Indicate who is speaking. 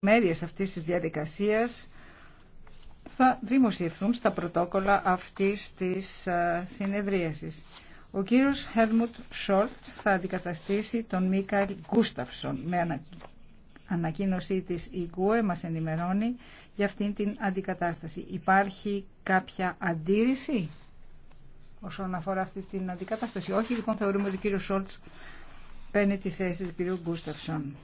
Speaker 1: μέρες αυτής της διαδικασίας θα δημοσιευθούν στα πρωτόκολλα αυτής της ε, συνεδρίασης. Ο κύριος Χέλμουτ Σόλτ θα αντικαταστήσει τον Μίκαλ Γκούσταυσον με ανακοίνωσή της η μας ενημερώνει για αυτήν την αντικατάσταση. Υπάρχει κάποια αντίρρηση όσον αφορά αυτή την αντικατάσταση. Όχι, λοιπόν, θεωρούμε ότι ο κύριος Σόλτς παίρνει τη θέση του κύριου Γκούσταυσον.